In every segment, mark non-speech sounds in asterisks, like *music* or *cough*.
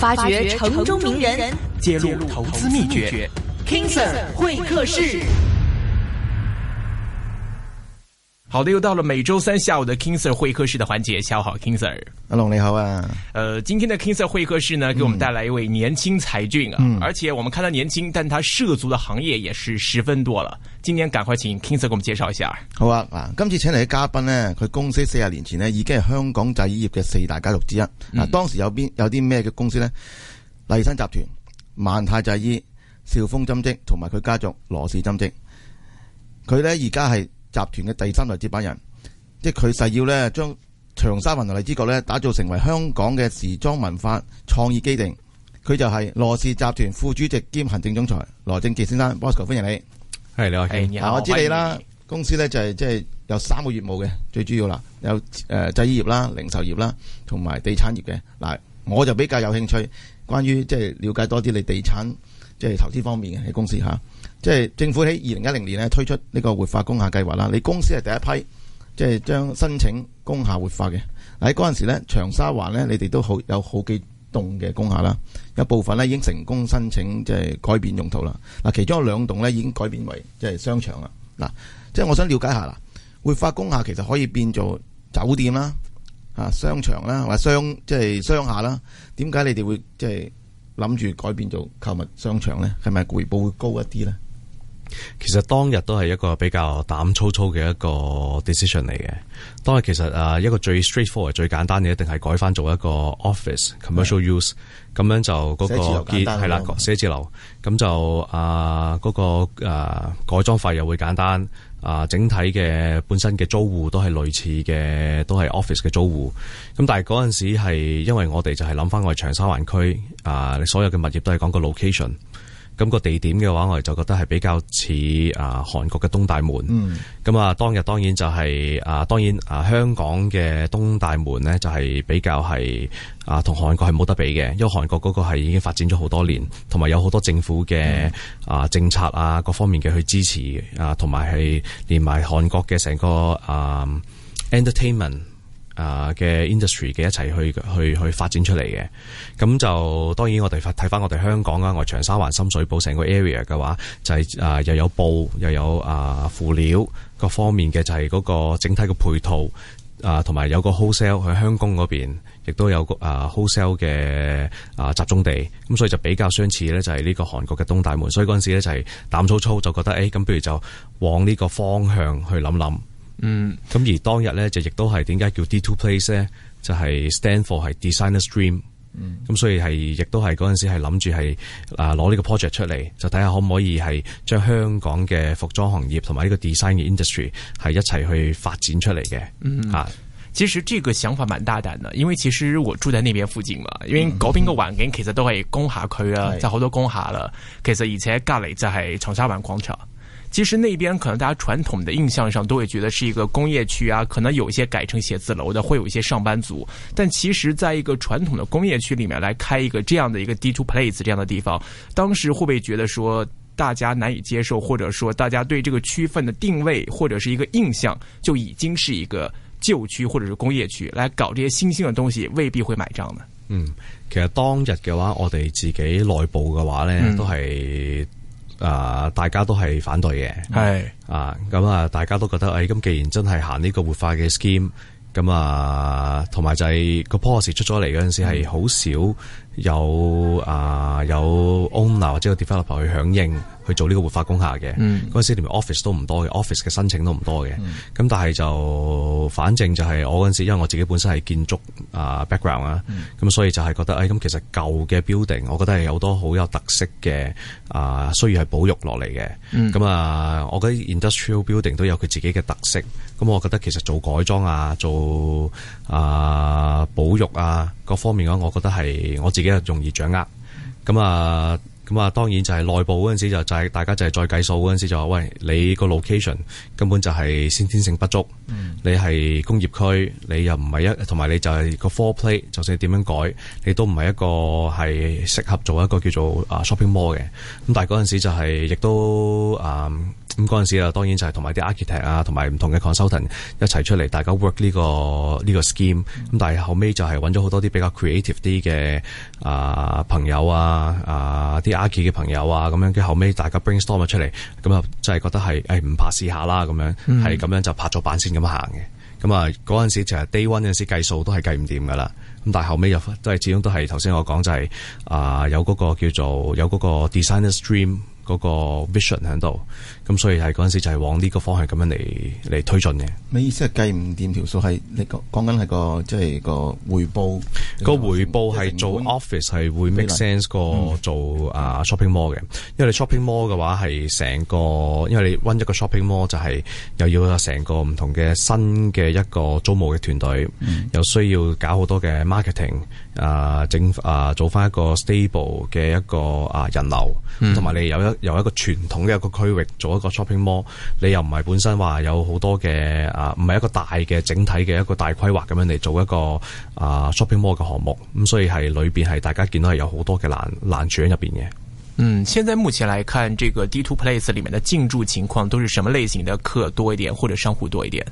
發掘城中名人，揭露投資秘訣。King Sir 會客室。好的，又到了每周三下午的 King Sir 會客室的環節。下午好，King Sir，阿龍你好啊。誒、呃，今天的 King Sir 會客室呢，給我們帶來一位年輕才俊啊。嗯、而且我們看他年輕，但他涉足的行業也是十分多了。今天趕快請 King Sir 給我們介紹一下。好啊，嗱，今次請嚟嘅嘉賓呢，佢公司四十年前咧已經係香港製衣業嘅四大家族之一。嗱、嗯，當時有邊有啲咩嘅公司呢？麗新集團、萬泰製衣、兆豐針織，同埋佢家族羅氏針織。佢呢而家係。集團嘅第三代接班人，即係佢誓要咧將長沙灣同荔枝角咧打造成為香港嘅時裝文化創意基地。佢就係羅氏集團副主席兼行政總裁羅正杰先生，Bosco 的歡迎你。係，你好，嗯、我知你啦。嗯、公司咧就係即係有三個業務嘅，最主要啦有誒、呃、製衣業啦、零售業啦同埋地產業嘅。嗱，我就比較有興趣關於即係了解多啲你地產即係、就是、投資方面嘅喺公司吓。即係政府喺二零一零年咧推出呢個活化工廈計劃啦，你公司係第一批，即係將申請工廈活化嘅。喺嗰陣時咧，長沙灣咧，你哋都好有好幾棟嘅工廈啦，有部分咧已經成功申請即係改變用途啦。嗱，其中有兩棟咧已經改變為即係商場啦。嗱，即係我想了解下啦，活化工廈其實可以變做酒店啦、啊商場啦，或商即係商廈啦。點解你哋會即係諗住改變做購物商場咧？係咪回報會高一啲咧？其實當日都係一個比較膽粗粗嘅一個 decision 嚟嘅。當日其實啊，一個最 straightforward，最簡單嘅一定係改翻做一個 office commercial use，咁 Yeah. 樣就嗰，嗰個係啦寫字樓，咁就啊嗰，嗰個啊改裝費又會簡單啊。整體嘅本身嘅租戶都係類似嘅，都係 office 嘅租戶。咁但係嗰陣時係因為我哋就係諗翻我哋長沙灣區啊，你所有嘅物業都係講個 location。咁個地點嘅話，我哋就覺得係比較似啊韓國嘅東大門。咁、嗯、啊，當日當然就係、是、啊當然啊香港嘅東大門咧，就係比較係啊同韓國係冇得比嘅，因為韓國嗰個係已經發展咗好多年，同埋有好多政府嘅啊政策啊各方面嘅去支持啊，同埋係連埋韓國嘅成個啊 Entertainment。啊嘅 industry 嘅一齊去去去發展出嚟嘅。咁就當然我哋睇翻我哋香港啊，外長沙灣深水埗成個 area 嘅話，就係、是、啊又有布又有啊輔料各方面嘅，就係嗰個整體嘅配套啊，同埋有個 wholesale 去香江嗰邊，亦都有個啊 wholesale 嘅啊集中地，咁所以就比較相似咧，就係呢個韓國嘅東大門，所以嗰陣時咧就係膽粗粗就覺得，誒、哎、咁不如就往呢個方向去諗諗。嗯，咁而當日咧就亦都係點解叫 D Two Place 咧，就係、是、stand for 係 designer stream 嗯，咁、嗯、所以係亦都係嗰陣時係諗住係啊攞呢個 project 出嚟，就睇下可唔可以係將香港嘅服裝行業同埋呢個 design 嘅 industry 係一齊去發展出嚟嘅、嗯。嗯，啊，其實呢個想法蠻大膽嘅，因為其實我住喺呢邊附近嘛，因為邊個環境其實都係工廈區啊，就好、嗯、是多工廈啦。其實而且隔籬就係長沙灣廣場。其實那邊可能大家傳統的印象上都會覺得是一個工業區啊，可能有一些改成寫字樓的，會有一些上班族。但其實，在一個傳統的工業區裏面來開一個這樣的一個 D2 Place 這樣的地方，當時會不會覺得說大家難以接受，或者說大家對這個區份的定位或者是一個印象，就已經是一個舊區或者是工業區來搞這些新興的東西，未必會買賬呢？嗯，其實當日嘅話，我哋自己內部嘅話呢，都係、嗯。啊、呃、大家都係反對嘅，係啊咁啊，大家都覺得，哎咁，既然真係行呢個活化嘅 scheme，咁、呃、啊，同埋就係個 post 出咗嚟陣時，係好、嗯、少有啊、呃、有 owner 或者個 developer 去響應。去做呢個活化工廈嘅，嗰陣時連 office 都唔多嘅，office 嘅申請都唔多嘅。咁但係就反正就係我嗰陣時，因為我自己本身係建築啊 background 啦，咁所以就係覺得，誒，咁其實舊嘅 building，我覺得係好多好有特色嘅啊，需要係保育落嚟嘅。咁啊，我覺得 industrial building 都有佢自己嘅特色。咁我覺得其實做改裝啊，做啊保育啊，各方面嘅話，我覺得係我自己係容易掌握。咁啊。咁啊、嗯，當然就係內部嗰陣時就就係大家就係再計數嗰陣時就話，喂，你個 location 根本就係先天性不足，嗯、你係工業區，你又唔係一，同埋你就係個 four plate 就算你點樣改，你都唔係一個係適合做一個叫做啊 shopping mall 嘅。咁、嗯、但係嗰陣時就係亦都啊咁嗰陣時啊，當然就係同埋啲 architect 啊，同埋唔同嘅 consultant 一齊出嚟，大家 work 呢、呢個呢、呢個 scheme、嗯。咁、嗯、但係後尾就係揾咗好多啲比較 creative 啲嘅。啊朋友啊啊啲阿杰嘅朋友啊咁樣，跟後尾大家 brainstorm 出嚟，咁啊真係覺得係誒唔怕試下啦咁樣，係咁、嗯、樣就拍咗板先咁行嘅。咁啊嗰陣時其實 day one 嗰陣時計數都係計唔掂㗎啦。咁但係後尾又都係始終都係頭先我講就係、是、啊有嗰個叫做有嗰個 designer stream 嗰個 vision 喺度。咁所以係嗰陣時就係往呢個方向咁樣嚟嚟推進嘅。你意思係計唔掂條數，係你講講緊係個即係個回報，個回報係做 office 係會 make sense 過做啊 shopping mall 嘅。因為你 shopping mall 嘅話係成個，因為你 one 一個 shopping mall 就係又要有成個唔同嘅新嘅一個租務嘅團隊，又需要搞好多嘅 marketing 啊整啊做返一個 stable 嘅一個啊人流，同埋你有一有一個傳統嘅一個區域做。個 shopping mall 你又唔係本身話有好多嘅啊，唔係一個大嘅整體嘅一個大規劃咁樣嚟做一個啊 shopping mall 嘅項目，咁所以係裏邊係大家見到係有好多嘅難難處喺入邊嘅。嗯，現在目前嚟看，這個 D2 Place 裏面的進駐情況都是什麼類型的客多一點，或者商戶多一點？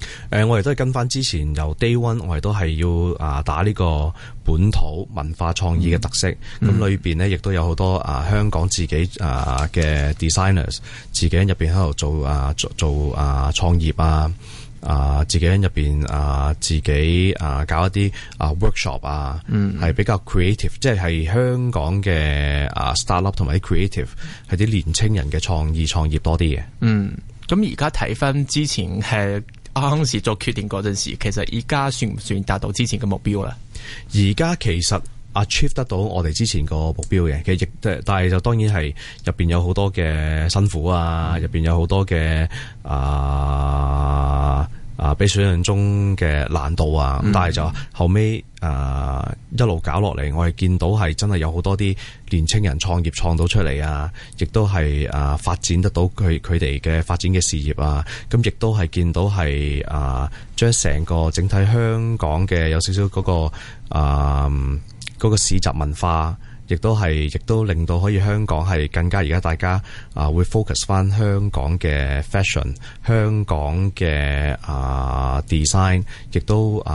誒、呃，我哋都係跟翻之前由 Day One，我哋都係要啊打呢個本土文化創意嘅特色。咁、嗯、裏邊咧，亦都有好多啊香港自己啊嘅 designers，自己喺入邊喺度做啊做啊創業啊啊，自己喺入邊啊自己啊搞一啲啊 workshop 啊，係、嗯、比較 creative，即係香港嘅啊 startup 同埋啲 creative 係啲年青人嘅創意創業多啲嘅。嗯，咁而家睇翻之前係。當時作決定嗰陣時，其實而家算唔算達到之前嘅目標啦？而家其實 achieve 得到我哋之前個目標嘅，其實亦即但係就當然係入邊有好多嘅辛苦啊，入邊有好多嘅啊。啊，比想象中嘅難度啊，咁但係就後尾啊、呃、一路搞落嚟，我係見到係真係有好多啲年青人創業創到出嚟、呃、啊，亦都係啊發展得到佢佢哋嘅發展嘅事業啊，咁亦都係見到係啊將成個整體香港嘅有少少嗰、個啊嗰、呃個市集文化。亦都係亦都令到可以香港係更加而家大家啊、呃，會 focus 翻香港嘅 fashion、香港嘅啊、呃、design，亦都啊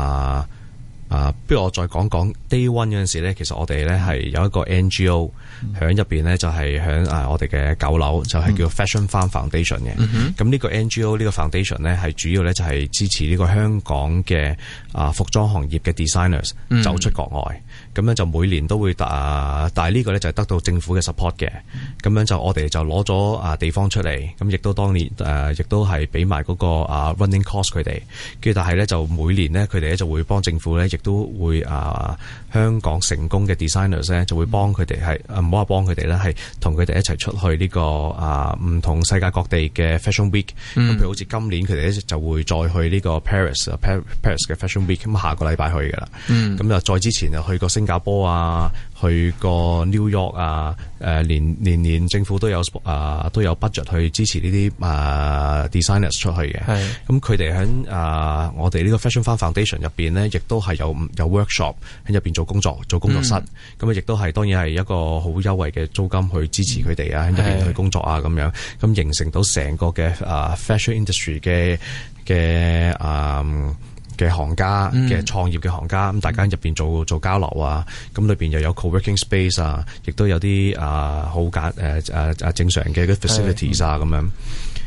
啊、呃呃，不如我再講講 day one 嗰陣時咧，其實我哋咧係有一個 NGO 喺入邊咧，就係響啊我哋嘅九樓就係叫 Fashion Farm、嗯、哼 Foundation 嘅。咁呢個 NGO 呢個 foundation 咧，係主要咧就係支持呢個香港嘅啊、呃、服裝行業嘅 designers、嗯、走出國外。咁樣就每年都會，但係呢個咧就係得到政府嘅 support 嘅。咁樣就我哋就攞咗啊地方出嚟，咁亦都當年誒，亦、呃、都係俾埋嗰個啊 running cost 佢哋。跟住但係咧就每年咧，佢哋咧就會幫政府咧，亦都會啊香港成功嘅 designers 咧，就會幫佢哋係唔好話幫佢哋咧，係同佢哋一齊出去呢、這個啊唔同世界各地嘅 fashion week、嗯。咁譬如好似今年佢哋就會再去呢個 Paris, Paris Paris 嘅 fashion week，咁下個禮拜去噶啦。咁就、嗯、再之前就去個新加坡啊，去個 New York 啊，誒、呃，年年年政府都有啊、呃，都有 budget 去支持呢啲誒 designers 出去嘅。係咁是的，佢哋喺誒我哋呢個 fashion fun foundation 入邊咧，亦都係有有 workshop 喺入邊做工作、做工作室。咁啊，亦都係當然係一個好優惠嘅租金去支持佢哋啊，喺入邊去工作啊，咁是的 樣咁形成到成個嘅誒、呃、fashion industry 嘅嘅誒。嘅行家嘅創業嘅行家，咁，嗯、大家入邊做做交流啊，咁裏邊又有 co-working space 啊，亦都有啲啊好簡誒誒誒正常嘅嗰 facilities 啊咁、嗯、樣。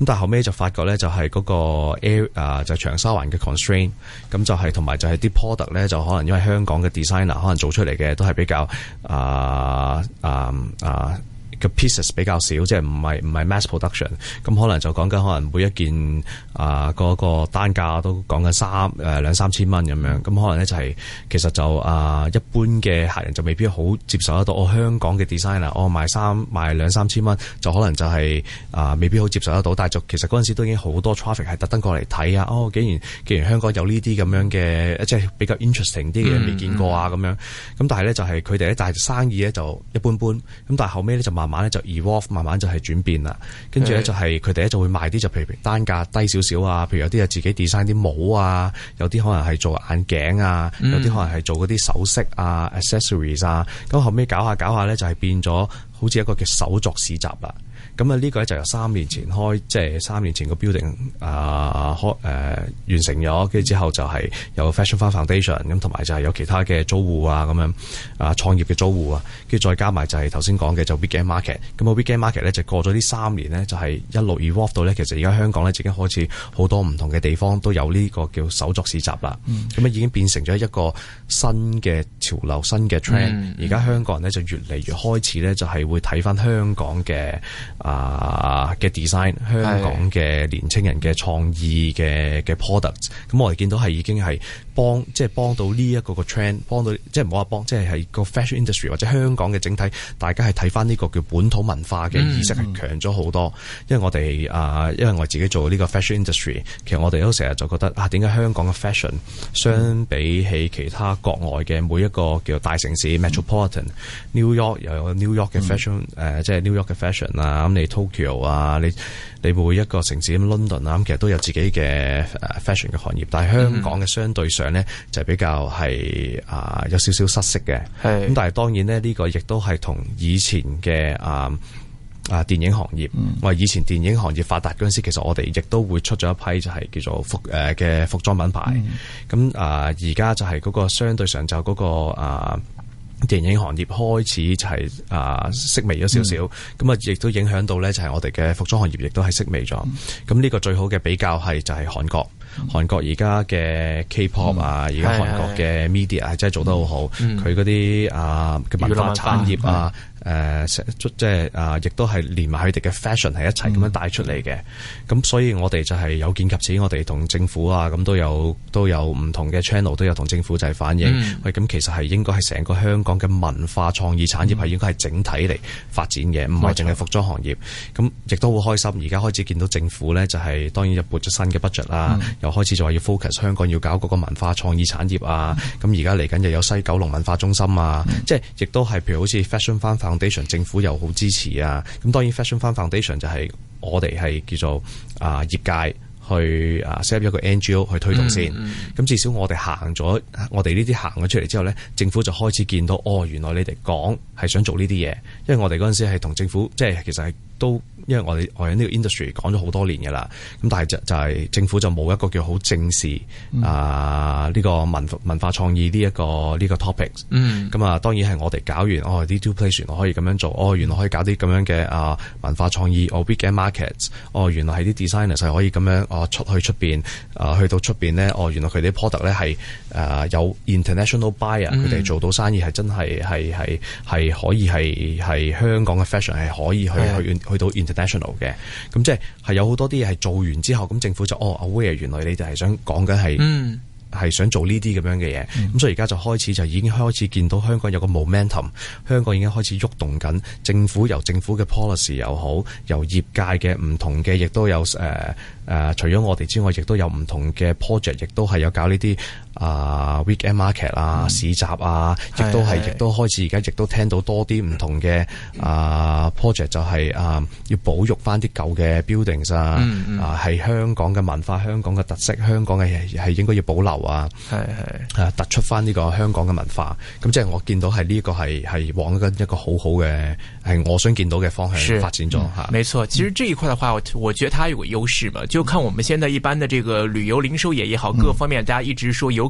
咁但後尾就發覺咧，就係嗰個 air、er, 啊，就係、長沙灣嘅 constraint，咁就係同埋就係啲 product 咧，就可能因為香港嘅 designer 可能做出嚟嘅都係比較啊啊啊！啊啊嘅 pieces 比較少，即係唔係唔係 mass production，咁可能就講緊可能每一件啊、呃、個，個單價都講緊三誒兩、呃、三千蚊咁樣，咁可能咧就係、是、其實就啊、呃、一般嘅客人就未必好接受得到，我、哦、香港嘅 designer，我、哦、賣衫賣兩三千蚊，就可能就係、是、啊、呃、未必好接受得到，但係就其實嗰陣時都已經好多 traffic 係特登過嚟睇啊，哦竟然竟然香港有呢啲咁樣嘅即係比較 interesting 啲嘅嘢未見過啊咁樣，咁但係咧就係佢哋咧，但係、就是、生意咧就一般般，咁但係後屘咧就慢，慢。慢慢就 evolve 慢慢就係轉變啦，跟住咧就係佢哋咧就會賣啲就譬如單價低少少啊，譬如有啲啊自己 design 啲帽啊，有啲可能係做眼鏡啊，有啲可能係做啲首飾啊 accessories 啊，咁後尾搞下搞下咧就係變咗好似一個嘅手作市集啦。咁啊，呢個咧就由三年前開，即、就、係、是、三年前個 building 啊，開、啊、誒完成咗，跟住之後就係有 fashion foundation，咁同埋就係有其他嘅租戶啊，咁樣啊，創業嘅租戶啊，跟住再加埋就係頭先講嘅就 weekend market，咁啊 weekend market 咧、嗯嗯嗯、就過咗呢三年咧，就係一路 evolve 到咧，其實而家香港咧已經開始好多唔同嘅地方都有呢個叫手作市集啦，咁啊、嗯、已經變成咗一個新嘅潮流、新嘅 trend，而家香港人咧就越嚟越開始咧就係會睇翻香港嘅。啊啊啊嘅 design，香港嘅年青人嘅創意嘅嘅 product 咁我哋見到係已經係。幫即係幫到呢一個個 trend，幫到即係唔好話幫，即係係個，個 fashion industry 或者香港嘅整體，大家係睇返呢個叫本土文化嘅意識係強咗好多、嗯嗯因呃。因為我哋啊，因為我自己做呢個 fashion industry，其實我哋都成日就覺得啊，點解香港嘅 fashion 相比起其他國外嘅每一個叫大城市 metropolitan，New、嗯、York 又有 New York 嘅 fashion 誒、嗯呃，即係 New York 嘅 fashion 啊、嗯，咁你 Tokyo 啊，你。你每一個城市咁 London 啊，咁其實都有自己嘅 fashion 嘅行業，但係香港嘅相對上咧就係、比較係啊有少少失色嘅。咁是但係當然咧，呢、呢個亦都係同以前嘅啊啊電影行業，我、嗯、以前電影行業發達嗰陣時，其實我哋亦都會出咗一批就係叫做服誒嘅、啊、服裝品牌。咁、嗯、啊而家就係嗰個相對上就嗰、嗰個啊。電影行業開始就係、是、啊式微咗少少，咁啊亦都影響到咧就係我哋嘅服裝行業亦都係式微咗。咁呢、嗯、個最好嘅比較係就係韓國，嗯、韓國而家嘅 K-pop 啊，而家韓國嘅 media 係真係做得好好，佢嗰啲啊嘅文化產業啊。誒、呃、即係啊，亦、呃、都係連埋佢哋嘅 fashion 係一齊咁樣帶出嚟嘅。咁、嗯、所以，我哋就係有見及此，我哋同政府啊，咁都有都有唔同嘅 channel，都有同政府就係反映。嗯、喂，咁其實係應該係成個香港嘅文化創意產業係應該係整體嚟發展嘅，唔係淨係服裝行業，咁亦錯都好開心，而家開始見到政府咧，就係、是、當然又撥咗新嘅 budget 啦、啊，又、嗯、開始就話要 focus 香港要搞嗰個文化創意產業啊。咁而家嚟緊又有西九龍文化中心啊，嗯嗯、即係亦都係譬如好似 fashion 翻 foundation 政府又好支持啊，咁當然 fashion 翻 foundation 就係我哋係叫做啊業界去啊 set up 一個 NGO 去推動先，咁、嗯嗯、至少我哋行咗，我哋呢啲行咗出嚟之後咧，政府就開始見到，哦，原來你哋講係想做呢啲嘢，因為我哋嗰陣時係同政府，即係其實係。都因為我哋我喺呢個 industry 講咗好多年嘅啦，咁但係就就係、係政府就冇一個叫好正視、mm hmm. 啊呢、這個文化文化創意呢、這、一個呢、這個 topic、mm。咁、hmm. 啊，當然係我哋搞完哦啲 two place，原來可以咁樣做哦，原來可以搞啲咁樣嘅啊文化創意哦 big market，s 哦原來係啲 designers 係可以咁樣哦、啊、出去出邊啊去到出邊咧哦原來佢哋啲 product 咧係啊有 international buyer 佢哋、mm hmm. 做到生意係真係係係係可以係係香港嘅 fashion 係可以去去。Mm hmm. 去到 international 嘅，咁即係係有好多啲嘢係做完之後，咁政府就哦啊 Way，原來你就係想講緊，係，嗯，係想做呢啲咁樣嘅嘢，咁、嗯、所以而家就開始就已經開始見到香港有個 momentum，香港已經開始喐動緊，政府由政府嘅 policy 又好，由業界嘅唔同嘅，亦都有誒誒、呃呃、除咗我哋之外，亦都有唔同嘅 project，亦都係有搞呢啲。啊、uh,，weekend market 啊，嗯、市集啊，亦都係，是是是亦都開始而家，亦都聽到多啲唔同嘅啊、uh, project 就係、是、啊，uh, 要保育翻啲舊嘅 buildings 啊，嗯嗯、啊，係香港嘅文化，香港嘅特色，香港嘅係係應該要保留啊，係係啊，突出翻呢個香港嘅文化，咁即係我見到係呢個係係往緊一個好好嘅係我想見到嘅方向發展咗吓，嗯啊、沒錯，其實這一塊的話、嗯、我覺得它有個優勢嘛，就看我們現在一般的這個旅遊零售業也，也好，各方面，大家一直說有。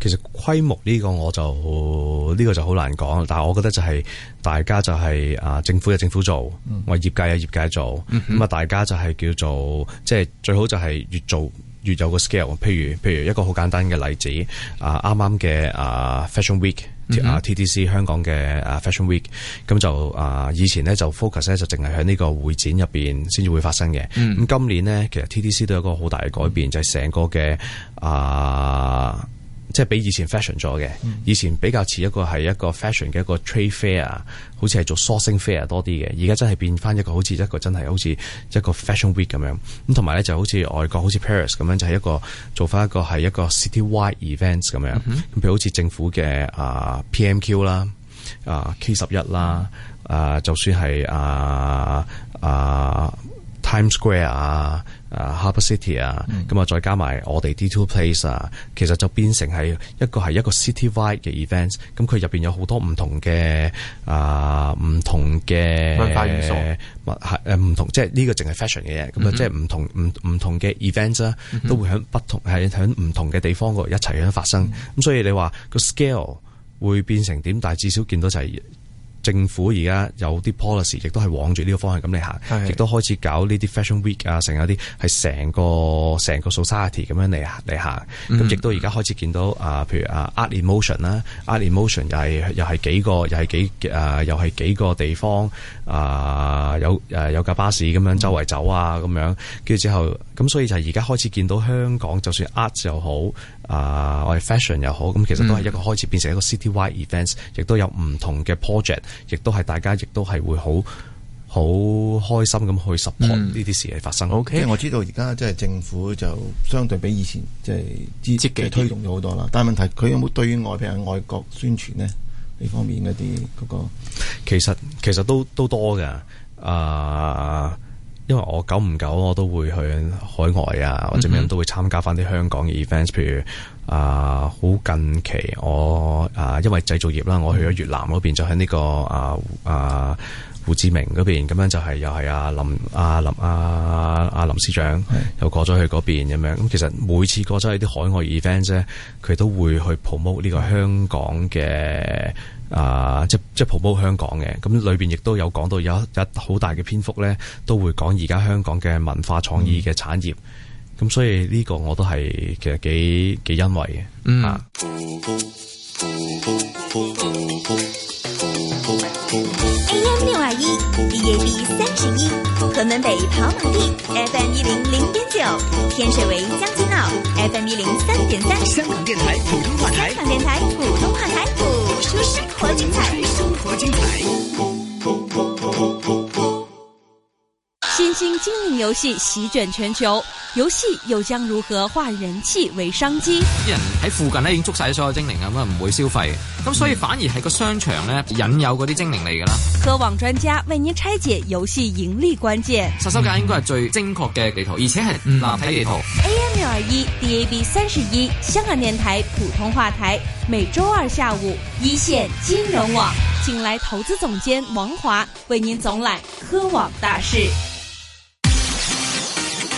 其實規模呢個我就呢、這個就好難講，但係我覺得就係、是、大家就係、是、啊政府有政府做，嗯、我業界有業界做，咁啊、嗯、哼大家就係叫做即係、就是、最好就係越做越有個 scale。譬如譬如一個好簡單嘅例子啊啱啱嘅啊 Fashion Week、嗯、哼啊 TDC 香港嘅啊 Fashion Week，咁就啊以前呢就 focus 咧就淨係喺呢個會展入邊先至會發生嘅。咁、嗯、今年呢，其實 TDC 都有一個好大嘅改變，就係、是、成個嘅啊。即係比以前 fashion 咗嘅。以前比較似一個係一個 fashion 嘅一個 trade fair，好似係做 s o u r c i n g fair 多啲嘅，而家真係變翻一個好似一個真係好似一個 fashion week 咁樣。咁同埋咧就好似外國好似 Paris 咁樣，就係、是、一個做翻一個係一個 city wide events 咁樣。咁譬、嗯、哼如好似政府嘅啊、呃、PMQ 啦、呃、啊 K 十一啦啊，就算係啊啊、呃呃、Times Square 啊、呃。啊，Harbour City 啊、嗯，咁啊，再加埋我哋 D Two Place 啊，其實就變成係一個係一個 City Wide 嘅 events，咁佢入邊有好多唔同嘅、嗯、啊，唔同嘅文化元素，或係唔同，即係呢個淨係 fashion 嘅嘢，咁啊、嗯哼，即係唔同唔唔同嘅 events 啦、嗯哼， 都會喺不同係喺唔同嘅地方度一齊喺發生，咁、嗯、哼所以你話個 scale 會變成點？但係至少見到就係、是。政府而家有啲 policy，亦都係往住呢個方向咁嚟行，是的 亦都開始搞呢啲 fashion week 啊，成日啲係成個成個 society 咁樣嚟嚟行，咁亦都而家開始見到啊、呃，譬如啊 art emotion 啦，art emotion 又係又係幾個又係幾誒、呃、又係幾個地方啊、呃、有誒有架巴士咁樣周圍走啊咁樣跟住之後，咁所以就而家開始見到香港就算 art 又好啊、呃，我哋 fashion 又好，咁其實都係一個開始變成一個 citywide events 亦都有唔同嘅 project。亦都係大家，亦都係會好好開心咁去 support 呢啲事嘢發生。嗯、OK，我知道而家即係政府就相對比以前即係積極推動咗好多啦。但係問題佢有冇對外，譬如外國宣傳咧呢、嗯、方面嗰啲嗰個其？其實其實都都多嘅。啊、呃，因為我久唔久我都會去海外啊，或者咩都會參加翻啲香港嘅 events 譬如。啊！好近期，我啊，因為製造業啦，我去咗越南嗰邊，就喺呢、這個啊啊胡志明嗰邊，咁樣就係、是、又係阿、啊、林阿、啊、林啊阿林司長是又過咗去嗰邊咁樣，咁其實每次過咗去啲海外 event 咧，佢都會去 promote 呢個香港嘅啊，即即、就是、promote 香港嘅。咁裏邊亦都有講到有一一好大嘅篇幅咧，都會講而家香港嘅文化創意嘅產業。嗯咁所以呢個我都係其實幾幾欣慰嘅，嗯。嗯 AM 精靈遊戲席捲全球，遊戲又將如何化人氣為商機？啲人喺附近咧，已經捉晒所有精靈啊，咁啊唔會消費嘅，咁所以反而係個商場呢，引誘嗰啲精靈嚟噶啦。科網專家為您拆解遊戲盈利關鍵，殺手鐧應該係最精確嘅地圖，而且係立體地圖。AM 六二一，DAB 三十一，香港電台普通話台，每周二下午一線金融網，請來投資總監王華為您總覽科網大事。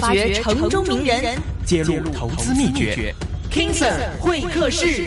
發掘城中名人，揭露投資秘訣，King Sir 會客室。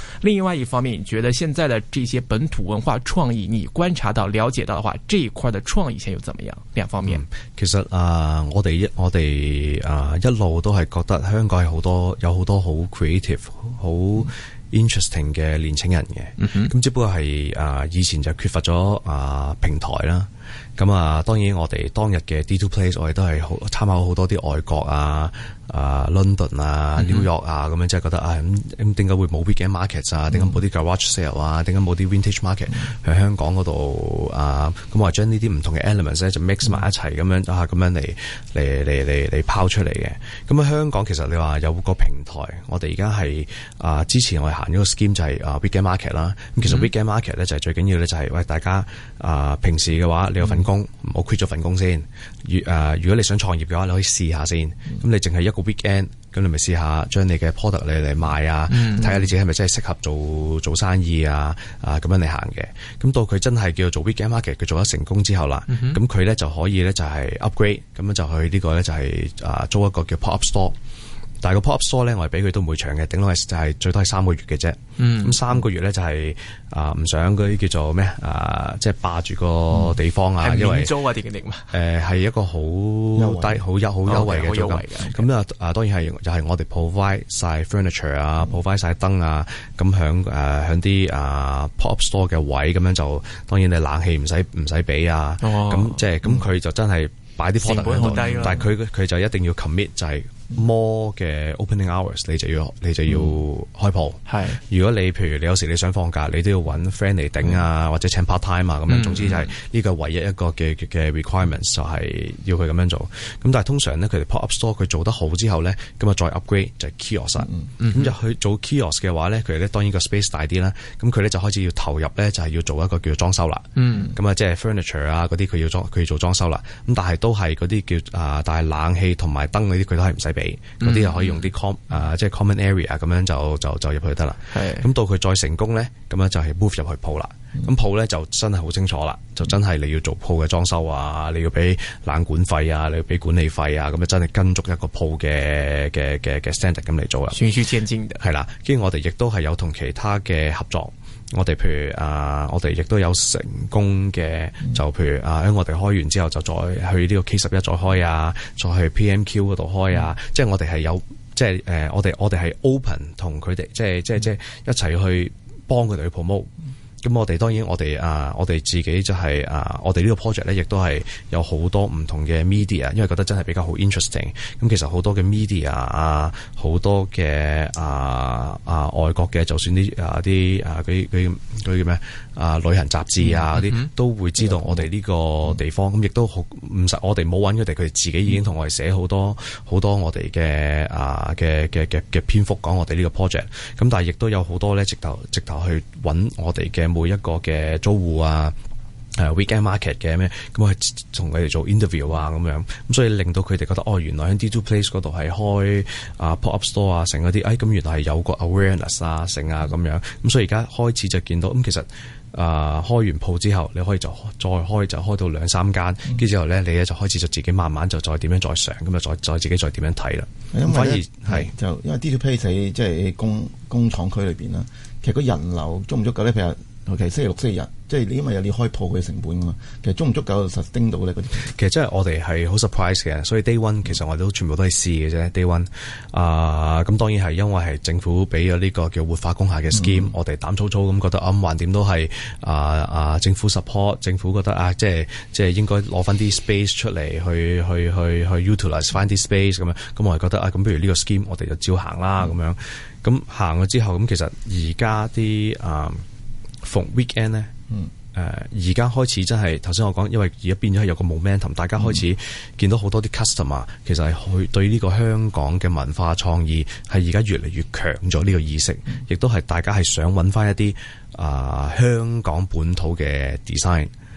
另外一方面，你覺得現在的這些本土文化創意，你觀察到了解到的話，這一塊的創意現又怎麼樣？兩方面，嗯、其實啊、呃，我哋一我哋啊、呃、一路都係覺得香港係好多有好多好 creative 好 interesting 嘅年青人嘅，咁、嗯、哼只不過係啊、呃、以前就缺乏咗啊、呃、平台啦。咁、呃、啊，當然我哋當日嘅 D2 Place 我哋都係好參考好多啲外國啊。啊、uh,，London 啊，New York 啊，咁樣、嗯、哼即係覺得啊，咁點解會冇啲 weekend market 啊？點解冇啲 garage sale 啊？點解冇啲 vintage market？喺、嗯、香港度啊，咁我係將呢啲唔同嘅 elements 咧就 mix 埋一齊咁、嗯、樣啊，咁樣嚟嚟嚟嚟嚟拋出嚟嘅。咁啊，香港其實你話有個平台，我哋而家係啊，之前我哋行嗰個 scheme 就係啊，weekend market 啦。咁其實實 weekend market 咧就係最緊要咧就係、是、喂大家啊，平時嘅話你有份工，唔好、嗯、quit 咗份工先。如啊，如果你想創業嘅話你可以試下先。咁你淨係一個。weekend，咁你咪試下將你嘅 product 你嚟賣啊，睇下，mm hmm. 你自己係咪真係適合做做生意啊？啊，咁樣嚟行嘅。咁到佢真係叫做 week market，做 weekend market，佢做得成功之後啦，咁佢咧就可以咧就係 upgrade，咁樣就去呢個咧就係啊租一個叫 pop up store。但係個 pop store 咧，我係俾佢都唔會長嘅，頂多係就係最多係三個月嘅啫。咁三、嗯、個月咧就係、是、啊，唔、呃、想嗰啲叫做咩啊？即、呃、係、就是、霸住個地方啊，嗯、啊因為租啊點點點嘛。係、呃、一個好惠低、好優、好優惠嘅租金。咁啊啊，當然係就係、是、我哋 provide 曬 furniture 啊、嗯、，provide 曬燈啊。咁響誒響啲啊 pop store 嘅位咁樣就，當然你冷氣唔使唔使俾啊。咁即係咁佢就真係擺啲 product 喺度，但係佢佢就一定要 commit 就係、是。more 嘅 opening hours，你就要你就要開鋪，係、mm，hmm. 如果你譬如你有時你想放假，你都要揾 friend 嚟頂啊，mm hmm. 或者請 part time 啊，咁樣總之就係呢個唯一一個嘅嘅 requirements 就係要佢咁樣做。咁但係通常咧，佢哋 pop up store 佢做得好之後咧，咁啊再 upgrade 就係 kiosk 啦。咁、mm hmm. 就去做 kiosk 嘅話咧，佢哋咧當然個 space 大啲啦。咁佢咧就開始要投入咧，就係、是、要做一個叫做裝修啦。咁、mm hmm. 啊，即係 furniture 啊啲，佢要裝佢要做裝修啦。咁但係都係啲叫啊，但係冷氣同埋燈啲，佢都係唔使俾。嗰啲又可以用啲 com 啊、呃，即係 common area 咁樣就就就入去得啦。咁係到佢再成功咧，咁樣就係 move 入去鋪啦。咁鋪咧就真係好清楚啦，就真係你要做鋪嘅裝修啊，你要俾冷管費啊，你要俾管理費啊，咁啊真係跟足一個鋪嘅嘅嘅嘅 standard 咁嚟做啦。千千係啦，跟住我哋亦都係有同其他嘅合作。我哋譬如啊，我哋亦都有成功嘅，嗯、就譬如啊，喺我哋開完之後就再去呢個 K 十一再開啊，再去 PMQ 度開啊，嗯、即係我哋係有即係誒、呃，我哋我哋係 open 同佢哋，即係、嗯、即係即係一齊去幫佢哋去 promote、嗯咁我哋當然我哋啊，我哋自己就係啊，我哋呢個 project 咧，亦都係有好多唔同嘅 media，因為覺得真係比較好 interesting、啊。咁其實好多嘅 media 啊，好多嘅啊啊外國嘅，就算啲啊啲啊啲啲啲叫咩？啊！旅行雜誌啊，嗰啲 *noise* 都會知道我哋呢個地方咁，亦、 *noise* 嗯嗯、都好唔實。我哋冇揾佢哋，佢哋自己已經同我哋寫好多好多我哋嘅啊嘅嘅嘅嘅篇幅講我哋呢個 project。咁但係亦都有好多咧，直頭直頭去揾我哋嘅每一個嘅租戶啊，啊，weekend market 嘅咩咁，係同佢哋做 interview 啊咁樣。咁所以令到佢哋覺得哦，原來喺 D2 Place 嗰度係開啊 pop up store 啊，成嗰啲，哎咁原來係有個 awareness 啊，成啊咁樣。咁所以而家開始就見到咁，其實。啊、呃！開完鋪之後你可以就開再開就開到兩三間，跟住、嗯、之後咧，你咧就開始就自己慢慢就再點樣再上，咁啊，再再自己再點樣睇啦。嗯、反而係是 就因為啲鋪喺即係工工廠區裏邊啦，其實個人流足唔足夠咧？譬如星期六、星期日。即係因為有啲開鋪嘅成本啊嘛。其實足唔足夠實徵到咧？嗰啲其實真係我哋係好 surprise 嘅，所以 Day One 其實我都全部都係試嘅啫。Day One 啊，咁當然係因為係政府俾咗呢個叫活化工廈嘅 scheme、嗯、我哋膽粗粗咁覺得啊，橫掂都係啊啊政府 support，政府覺得啊，即係即係應該攞翻啲 space 出嚟去去去去，去 utilise，find 啲 space 咁樣。咁、啊、我係覺得啊，咁不如呢個 scheme，我哋就照行啦咁、嗯、樣。咁行咗之後，咁其實而家啲啊逢 weekend 咧。嗯，誒，而家開始真係，頭先我講，因為而家變咗係有個 momentum，大家開始見到好多啲 customer，其實係去對呢個香港嘅文化創意，係而家越嚟越強咗呢個意識，亦都係大家係想揾翻一啲啊、呃、香港本土嘅 design。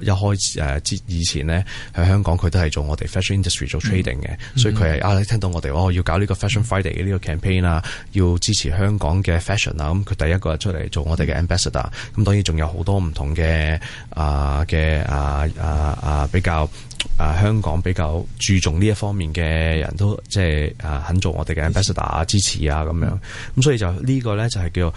一開始誒之以前咧，喺香港佢都係做我哋 fashion industry 做 trading 嘅。嗯、所以佢係啊你聽到我哋、哦、我要搞呢個 fashion friday 呢個 campaign 啦，要支持香港嘅 fashion 啊、嗯，咁佢第一個出嚟做我哋嘅 ambassador，咁、嗯、當然仲有好多唔同嘅啊嘅啊啊啊比較啊香港比較注重呢一方面嘅人都即、就、係、係、啊肯做我哋嘅 ambassador 支持啊咁樣，咁、嗯嗯、所以就個呢個咧就係、係、叫。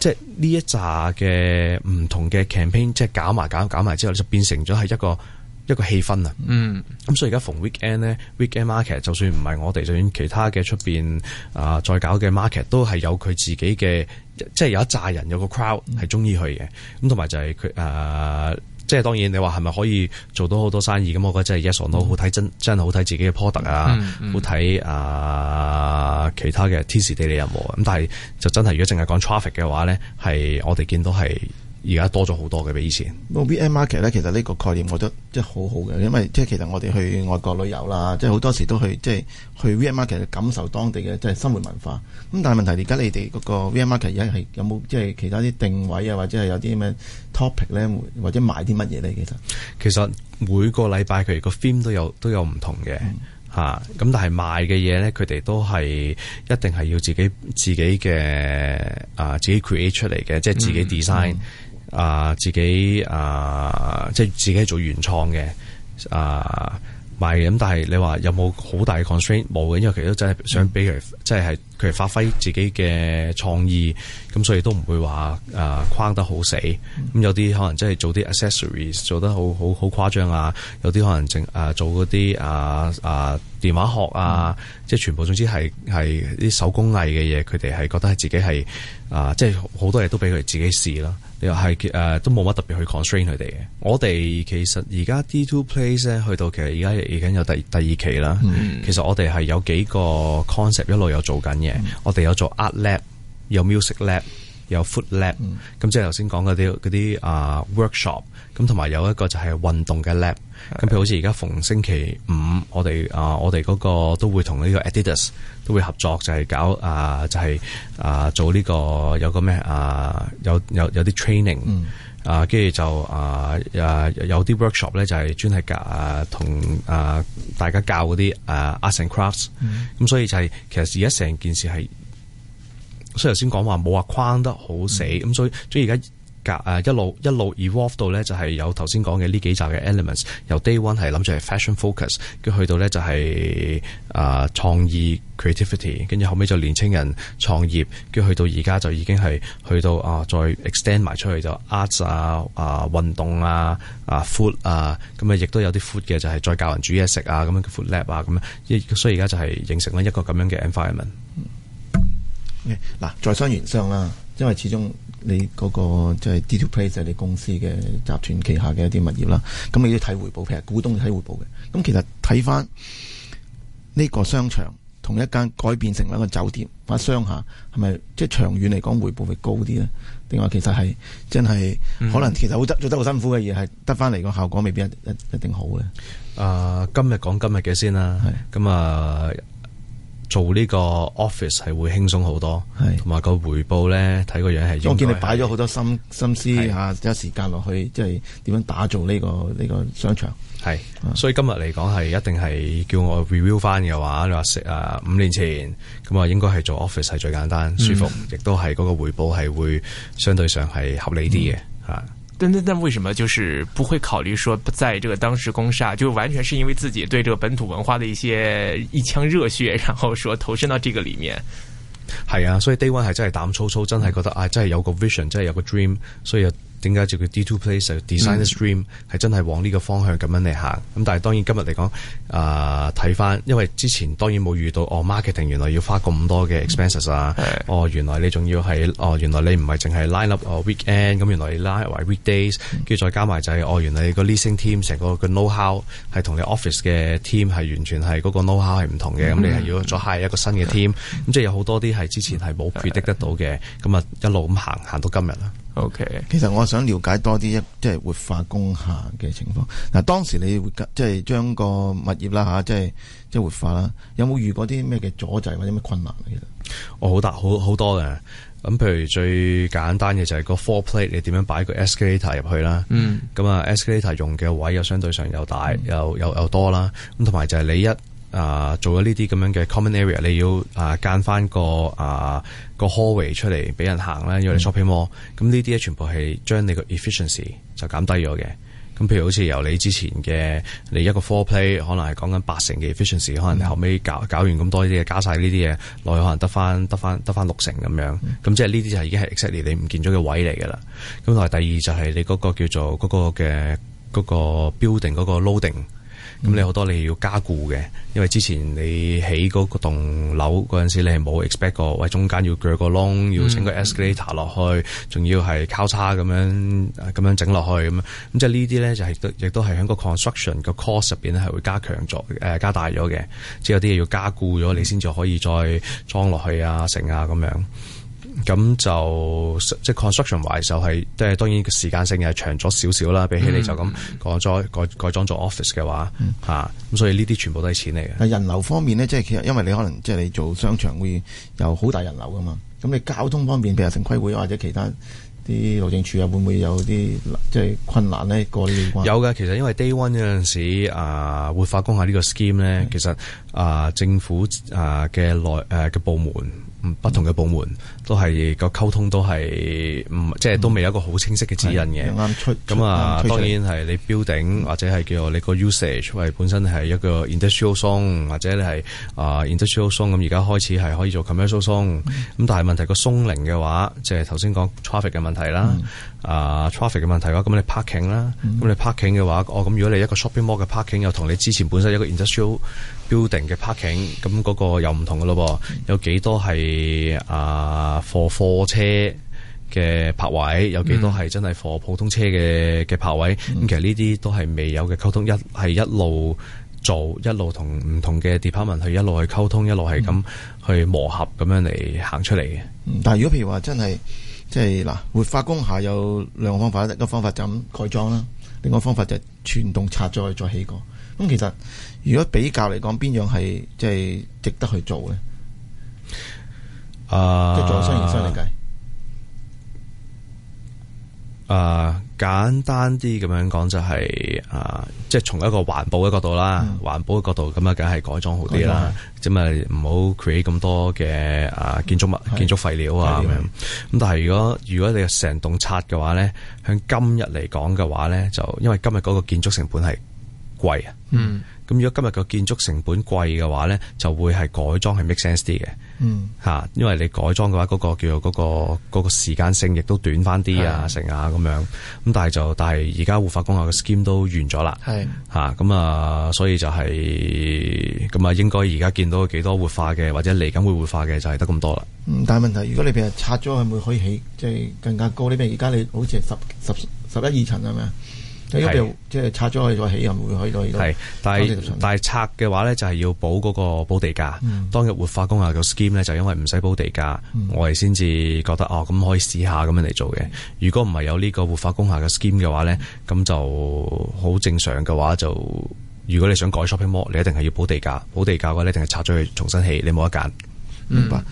即係呢一紮嘅唔同嘅 campaign，即係搞埋搞搞埋之後，就變成咗係一個一個氣氛、嗯、啊！嗯，咁所以而家逢 weekend 咧，weekend market 就算唔係我哋，就算其他嘅出邊啊再搞嘅 market，都係有佢自己嘅，即係有一紮人有個 crowd 係中意去嘅。咁同埋就係佢啊。呃即係當然，你話係咪可以做到好多生意咁？我覺得真係 yes or no，好睇真真係好睇自己嘅 product 啊，mm hmm. 好睇啊、呃、其他嘅天時地利人和。咁但係就真係如果淨係講 traffic 嘅話咧，係我哋見到係。而家多咗好多嘅比以前。V M market 咧，其實呢個概念我覺得即係好好嘅，因為即係其實我哋去外國旅遊啦，即係好多時都去即係去 V M market 感受當地嘅即係生活文化。咁但係問題，而家你哋嗰個 V M market 而家係有冇即係其他啲定位啊，或者係有啲咩 topic 咧，或者買啲乜嘢咧？其實其實每個禮拜佢個 film 都有都有唔同嘅嚇，咁、嗯啊、但係賣嘅嘢咧，佢哋都係一定係要自己自己嘅啊，自己 create 出嚟嘅，即係自己 design、嗯。嗯啊、呃，自己啊、呃，即係自己做原創嘅啊，賣、呃、嘅。咁，但係你話有冇好大 constraint？冇嘅，因為其實都真係想俾佢，即係、嗯。係。佢發揮自己嘅創意，咁所以都唔會話誒框得好死。咁、嗯嗯、有啲可能即係做啲 accessories 做得好好好誇張啊，有啲可能淨誒、呃、做啲啊啊電話殼啊，即係全部總之係係啲手工藝嘅嘢，佢哋係覺得係自己係啊、呃，即係好多嘢都俾佢哋自己試啦。你話係誒都冇乜特別去 constraint 佢哋嘅。我哋其實而家 D two Place 咧去到其實而家已經有第第二期啦。嗯、其實我哋係有幾個 concept 一路有做緊嘅。Mm hmm. 我哋有做 Art Lab，有 Music Lab，有 Food Lab，咁、mm hmm. 即係頭先講嗰啲啲啊 Workshop，咁同埋有一個就係運動嘅 Lab，咁、mm hmm. 譬如好似而家逢星期五我哋啊我哋嗰個都會同呢個 Adidas 都會合作，就係、是、搞啊就係、是、啊做呢、這個有個咩啊有有有啲 training、mm。Hmm. 啊，跟住就啊，啊有啲 workshop 咧就係專係教啊，同啊大家教啲啊 arts and crafts，咁、嗯嗯、所以就係、是、其實而家成件事係，所以頭先講話冇話、啊、框得好死，咁、嗯嗯、所以所以而家。隔一路一路 evolve 到呢，就係有頭先講嘅呢幾集嘅 elements，由 day one 係諗住係 fashion focus，跟去到呢就係啊創意 creativity，跟住後尾就年青人創業，跟住去到而家就已經係去到啊再 extend 埋出去就 arts 啊啊運動啊啊 food 啊，咁啊，food，啊亦都有啲 food 嘅就係再教人煮嘢食啊咁樣嘅 food lab 啊咁樣，所以而家就係形成咗一個咁樣嘅 environment。嗯嗱，在、okay，商言商啦，因為始終你嗰個即係 de to place 係你公司嘅集團旗下嘅一啲物業啦，咁你要睇回報，劈股東睇回報嘅。咁其實睇翻呢個商場同一間改變成為一個酒店或者商廈，係咪即係長遠嚟講回報會高啲呢？定話其實係真係、嗯、可能其實好執做得好辛苦嘅嘢，係得翻嚟個效果未必一一定好嘅。啊、呃，今日講今日嘅先啦，係咁是啊。做呢個 office 係會輕鬆好多，同埋是個回報咧睇個樣係。我見你擺咗好多心心思嚇，是一時間落去，即係點樣打造呢個呢個商場。係是，啊、所以今日嚟講，係一定係叫我 review 翻嘅話，你話食誒五年前咁啊，應該係做 office 係最簡單舒服，亦都係嗰個回報係會相對上係合理啲嘅嚇。嗯啊。但但但為什麼就是不會考慮說不在這個當時攻殺，就完全是因為自己對這個本土文化的一些一腔熱血，然後說投身到這個裏面。係啊，所以 Day One 係真係膽粗粗，真係覺得啊，真係有個 vision，真係有個 dream，所以。點解叫佢 D2 Place、Design the Dream 係、嗯、真係往呢個方向咁樣嚟行？咁但係當然今日嚟講，啊睇返，因為之前當然冇遇到哦，marketing 原來要花咁多嘅 expenses 啊，是的 哦原來你仲要係哦原來你唔係淨係 line up 哦 weekend，咁原來你 line 為 weekdays，跟住再加埋就係、是、哦原來你 le team，個 leasing team 成個嘅 know how 係同你 office 嘅 team 係完全係嗰、那個 know how 係唔同嘅，咁是的 你係要再 hire 一個新嘅 team，咁即係有好多啲係之前係冇 predict 得到嘅，咁啊一路咁行行到今日啦。O.K.，其實我想了解多啲一即係活化工廈嘅情況。嗱，當時你即係將個物業啦嚇，即係即係活化啦，有冇遇過啲咩嘅阻滯或者咩困難啊？其實我好大好好多嘅。咁譬如最簡單嘅就係個 floor plate，你點樣擺個 escalator 入去啦？嗯。咁啊，escalator 用嘅位又相對上又大、嗯、又又又多啦。咁同埋就係你一。啊，做咗呢啲咁樣嘅 common area，你要啊間翻個啊個 hallway 出嚟俾人行啦，因為你 shopping mall。咁呢啲咧全部係將你個 efficiency 就減低咗嘅。咁譬如好似由你之前嘅你一個 four play，可能係講緊八成嘅 efficiency，可能你後尾搞搞完咁多啲嘢，加晒呢啲嘢，落去可能得翻得翻得翻六成咁樣。咁、嗯、即係呢啲就已經係 exactly 你唔見咗嘅位嚟嘅啦。同埋第二就係你嗰個叫做嗰、嗰個嘅嗰、嗰個 building 嗰個 loading。咁你好多你要加固嘅，因為之前你起嗰個棟樓嗰陣時，你係冇 expect 過，喂中間要鋸個窿，要整個 escalator 落去，仲要係交叉咁樣咁樣整落去咁啊！咁即係呢啲咧就係、都、亦都係喺個 construction 個 cost 入邊咧係會加強咗誒、呃、加大咗嘅，即係有啲嘢要加固咗，你先至可以再裝落去啊成啊咁樣。咁就即係 construction wise 就係，即係、就是、當然時間性係長咗少少啦。比起你就咁改裝改改裝做 office 嘅話，吓咁、嗯啊、所以呢啲全部都係錢嚟嘅。啊，人流方面咧，即係其實因為你可能即係你做商場會有好大人流噶嘛。咁你交通方面，譬如城規會或者其他啲路政署啊，會唔會有啲即係困難咧？過呢啲關有嘅，其實因為 day one 嗰陣時啊，活化工廈呢個 scheme 咧。的其實啊，政府啊嘅內誒嘅部門。唔，不同嘅部門都係個溝通，都係唔，即係都未有一個好清晰嘅指引嘅。咁、嗯、啊，當然係你 building 或者係叫你個 usage，或者本身係一個 industrial zone 或者你係啊 industrial zone，咁而家開始係可以做 commercial zone，咁但係問題個 zoning 嘅話，即、就、係、是、頭先講 traffic 嘅問題啦。嗯啊，traffic 嘅問題話，咁你 parking 啦，咁、嗯、你 parking 嘅話，哦，咁如果你一個 shopping mall 嘅 parking，又同你之前本身一個 industrial building 嘅 parking，咁嗰個又唔同嘅咯喎，嗯、有幾多係啊 for 貨車嘅泊位，有幾多係真係 for 普通車嘅嘅泊位，咁、嗯嗯、其實呢啲都係未有嘅溝通，一係一路做，一路同唔同嘅 department 去一路去溝通，一路係咁去磨合咁樣嚟行出嚟嘅、嗯。但係如果譬如話真係。即係嗱，活化工廈有兩個方法，一個方法就咁改裝啦，另外方法就係全棟拆咗佢再起過。咁、嗯、其實如果比較嚟講，邊樣係即係值得去做咧？啊、即係做商言商嚟計。啊，簡單啲咁樣講就係啊，即係從一個環保嘅角度啦，嗯、環保嘅角度咁啊，梗係改裝好啲啦，咁啊唔好 create 咁多嘅啊建築物、嗯、建築廢料啊咁樣。咁但係如果如果你成棟拆嘅話咧，向今日嚟講嘅話咧，就因為今日嗰個建築成本係貴啊，嗯，咁如果今日個建築成本貴嘅話咧，就會係改裝係 make sense 啲嘅，嗯，吓，因為你改裝嘅話，嗰、嗰個叫做、嗰、嗰個嗰、嗰個時間性亦都短翻啲啊，是的 成啊咁樣，咁但係就但係而家活化工廈嘅 scheme 都完咗啦，係，吓，咁啊，所以就係咁啊，應該而家見到幾多活化嘅或者嚟緊會活化嘅就係得咁多啦，嗯。但係問題，如果你譬如拆咗，係咪可以起即係更加高啲？因為而家你好似係十十十一二層咁樣是即係拆咗去再起，又會可以到呢度。係，但係去但係拆嘅話咧，就係要補嗰個補地價。當日活化工廈嘅 scheme 咧，就因為唔使補地價，嗯、我哋先至覺得哦，咁可以試下咁樣嚟做嘅。嗯、如果唔係有呢個活化工廈嘅 scheme 嘅話咧，咁、嗯、就好正常嘅話就，如果你想改 shopping mall，你一定係要補地價，補地價嘅話咧，一定係拆咗去重新起，你冇得揀。嗯、明白。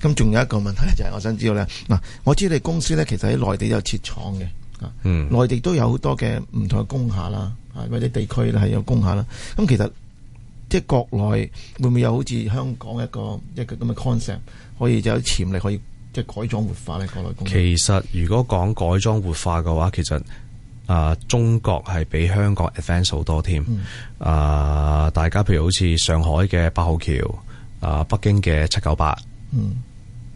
咁仲有一個問題咧，就係我想知道咧，嗱，我知你公司咧，其實喺內地有設廠嘅。內、嗯、地都有好多嘅唔同嘅工廈啦，啊嗰啲地區咧係有工廈啦。咁其實即係國內會唔會有好似香港一個一個咁嘅 concept，可以就有潛力可以即係改裝活化咧？國內工廈其實如果講改裝活化嘅話，其實啊，中國係比香港 advance 好多添。嗯、啊，大家譬如好似上海嘅八號橋，啊，北京嘅七九八。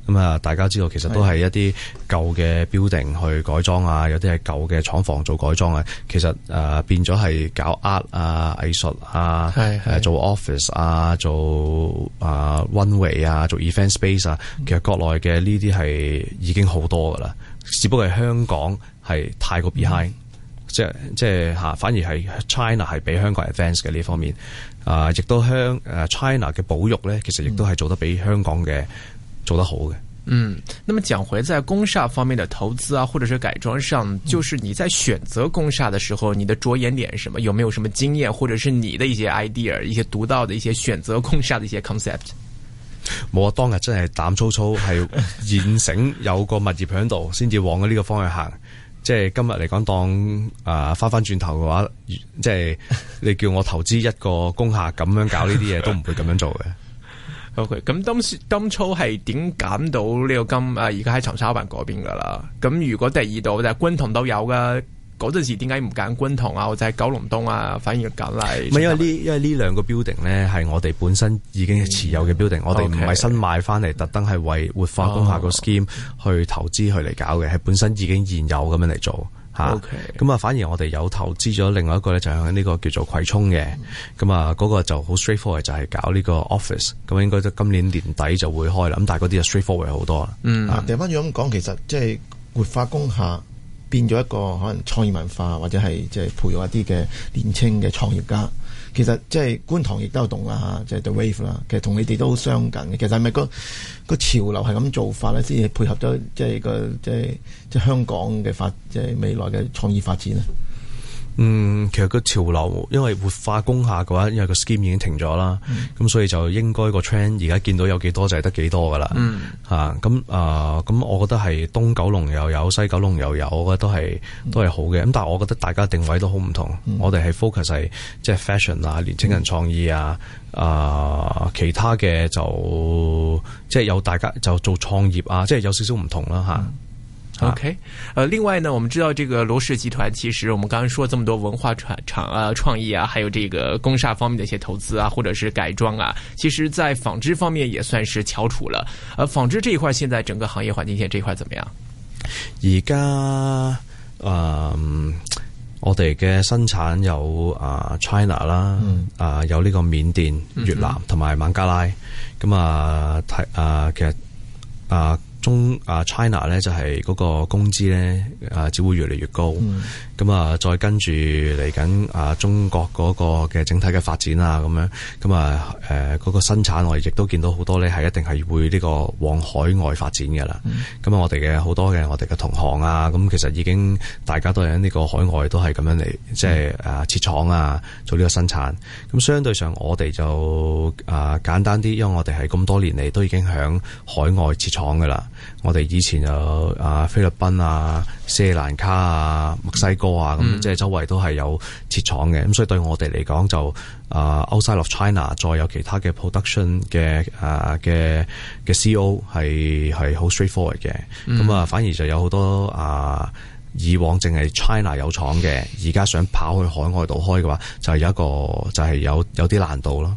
咁啊！大家知道，其實都係一啲舊嘅 building 去改裝啊，的有啲係舊嘅廠房做改裝啊。其實誒、呃、變咗係搞 art 啊藝術啊，誒的做 office 啊，做啊 one way 啊，做 event space 啊。其實國內嘅呢啲係已經好多噶啦，只不過香港係太過 behind、嗯、即係即係嚇，反而係 China 係比香港 advance 嘅呢方面啊，亦都香誒、啊、China 嘅保育咧，其實亦都係做得比香港嘅。嗯做得好嘅，嗯。那麼講回，在工廈方面的投資啊，或者是改裝上，就是你在選擇工廈的時候，你的着眼點什麼？有沒有什麼經驗，或者是你的一些 idea，一些獨到的一些選擇工廈的一些 concept？我，嗯、當日真係膽粗粗，係現成有個物業響度，先至往呢個方向行。即係今日嚟講，當啊翻翻轉頭嘅話，即係你叫我投資一個工廈咁樣搞呢啲嘢，都唔會咁樣做嘅。咁、okay, 當時今初係點揀到呢個金？啊，而家喺長沙灣嗰邊噶啦。咁、啊、如果第二度就觀、是、塘都有噶，嗰陣時點解唔揀觀塘啊？或者係九龍東啊，反而要揀嚟？唔係是因為呢，因為呢兩個 building 咧係我哋本身已經持有嘅 building，、嗯、我哋唔係新買翻嚟，特登係為活化工廈個 scheme 去投資去嚟搞嘅，係、嗯、本身已經現有咁樣嚟做。OK，咁啊，反而我哋有投資咗另外一個咧，就係呢個叫做葵涌嘅，咁啊嗰個就好 straightforward，就係搞呢個 office，咁應該都今年年底就會開啦。咁但係嗰啲就 straightforward 好多啦。啊、mm，掉翻轉咁講，其實即係活化工廈變咗一個可能創業文化，或者係即係培育一啲嘅年輕嘅創業家。其實即係觀塘亦都有動噶吓，即係 The Wave 啦。其實同你哋都好相近嘅。其實係咪個個潮流係咁做法咧，先至配合咗即係個即係即係香港嘅發即係未來嘅創意發展啊？嗯，其實個潮流，因為活化工廈嘅話，因為個 scheme 已經停咗啦，咁、嗯、所以就應該個 trend 而家見到有幾多就係得幾多噶啦。嚇、嗯，咁啊，咁、嗯、我覺得係東九龍又有，西九龍又有嘅，我覺得都係、嗯、都係好嘅。咁但係我覺得大家定位都好唔同。嗯、我哋係 focus 係即係、就是、fashion 啊，年青人創意啊，嗯、啊其他嘅就即係、就是、有大家就做創業啊，即、就、係、是、有少少唔同啦、啊、嚇。嗯 OK，呃，另外呢，我們知道這個羅氏集團，其實我們剛剛說這麼多文化廠廠啊、創意啊，還有這個工廈方面的一些投資啊，或者是改裝啊，其實在紡織方面也算是翹楚了。而、呃、紡織這一塊，現在整個行業環境下，這一塊怎麼樣？而家啊，我哋嘅生產有啊、呃、China 啦、呃，啊、嗯呃、有呢個緬甸、越南同埋孟加拉，咁啊睇啊其實啊。呃中啊 China 咧就係嗰個工資咧啊，只會越嚟越高。咁啊、嗯，再跟住嚟緊啊，中國嗰個嘅整體嘅發展啊，咁樣咁啊誒嗰個生產，我哋亦都見到好多咧，係一定係會呢個往海外發展㗎喇。咁啊、嗯，嗯、我哋嘅好多嘅我哋嘅同行啊，咁其實已經大家都係喺呢個海外都係咁樣嚟，即係啊設廠啊做呢個生產。咁相對上我哋就啊簡單啲，因為我哋係咁多年嚟都已經喺海外設廠㗎喇。我哋以前就啊，菲律賓啊、斯里蘭卡啊、墨西哥啊，咁即係周圍都係有設廠嘅。咁所以對我哋嚟講，就啊、呃、outside of China 再有其他嘅 production 嘅啊嘅嘅 CO 係係好 straightforward 嘅。咁啊，嗯嗯、反而就有好多啊、呃，以往淨係 China 有廠嘅，而家想跑去海外度開嘅話，就有一個就係、是、有有啲難度咯。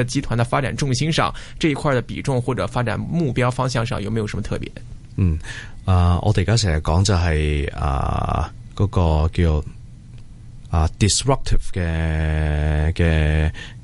集團的發展重心上，這一塊的比重或者發展目標方向上，有沒有什麼特別？嗯，啊，我哋而家成日講就係啊，嗰個叫啊，disruptive 嘅嘅。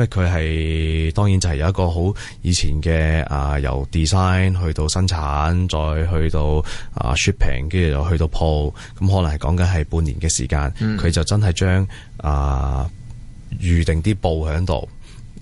因為佢係當然就係有一個好以前嘅啊、呃，由 design 去到生產，再去到啊、呃、shipping，跟住又去到鋪，咁可能係講緊係半年嘅時間，佢、嗯、就真係將啊預定啲布響度。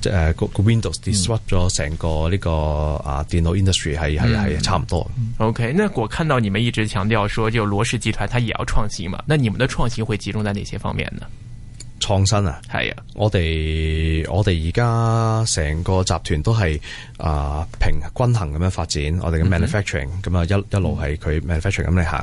即係、啊、個 Windows disrupt 咗成個呢、這個啊電腦 industry 係係係差唔多。OK，那我看到你們一直強調說，就、這個、羅氏集團，它也要創新嘛？那你們的創新會集中在哪些方面呢？創新啊，係啊的！我哋我哋而家成個集團都係啊、呃、平均衡咁樣發展，我哋嘅 manufacturing 咁啊、嗯、哼一一路係佢 manufacturing 咁嚟行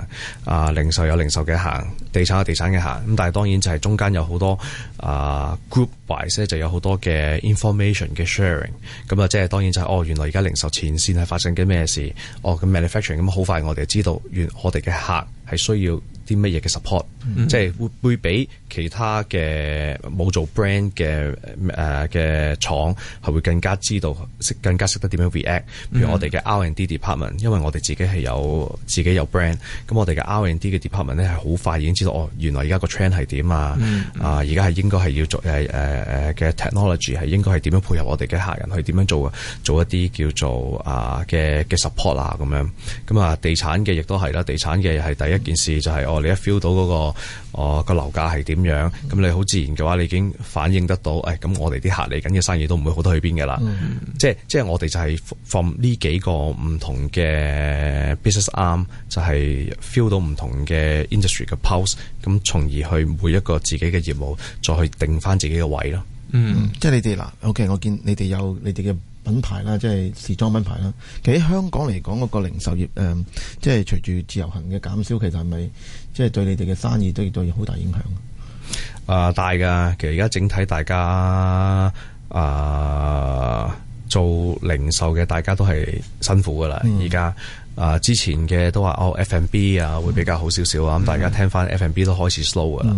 啊、呃，零售有零售嘅行，地產有地產嘅行。咁但係當然就係中間有好多啊、呃、group wise 就有好多嘅 information 嘅 sharing、就是。咁啊即係當然就係、是、哦原來而家零售前線係發生緊咩事？哦咁 manufacturing 咁好快我哋知道原，原我哋嘅客係需要啲乜嘢嘅 support。即係會會比其他嘅冇做 brand 嘅誒嘅廠係會更加知道識更加識得點樣 react。譬如我哋嘅 R and D department，因為我哋自己係有自己有 brand，咁我哋嘅 R and D 嘅 department 咧係好快已經知道哦，原來而家個 trend 係點啊！啊，而家係應該係要做誒誒誒嘅 technology 係應該係點樣配合我哋嘅客人去點樣做做一啲叫做啊嘅嘅 support 啊咁樣。咁啊，地產嘅亦都係啦，地產嘅係第一件事就係、是、哦你一 feel 到、嗰個。我、哦嗰個樓價係點樣？咁你好自然嘅話，你已經反映得到。誒、哎，咁我哋啲客嚟緊嘅生意都唔會好得去邊嘅啦。即係即係我哋就係 from 呢幾個唔同嘅 business arm，就係 feel 到唔同嘅 industry 嘅 pulse，咁從而去每一個自己嘅業務，再去定翻自己嘅位咯。嗯，即係你哋嗱，OK，我見你哋有你哋嘅品牌啦，即係時裝品牌啦。其實喺香港嚟講，嗰、那個零售業誒、呃，即係隨住自由行嘅減少，其實係咪？即係對你哋嘅生意都有好大影響。誒、呃，大噶，其實而家整體大家誒、呃、做零售嘅大家都係辛苦噶啦，而家誒之前嘅都話哦 F&B 啊會比較好少少啊，咁、嗯、大家聽翻 F&B 都開始 slow 噶啦。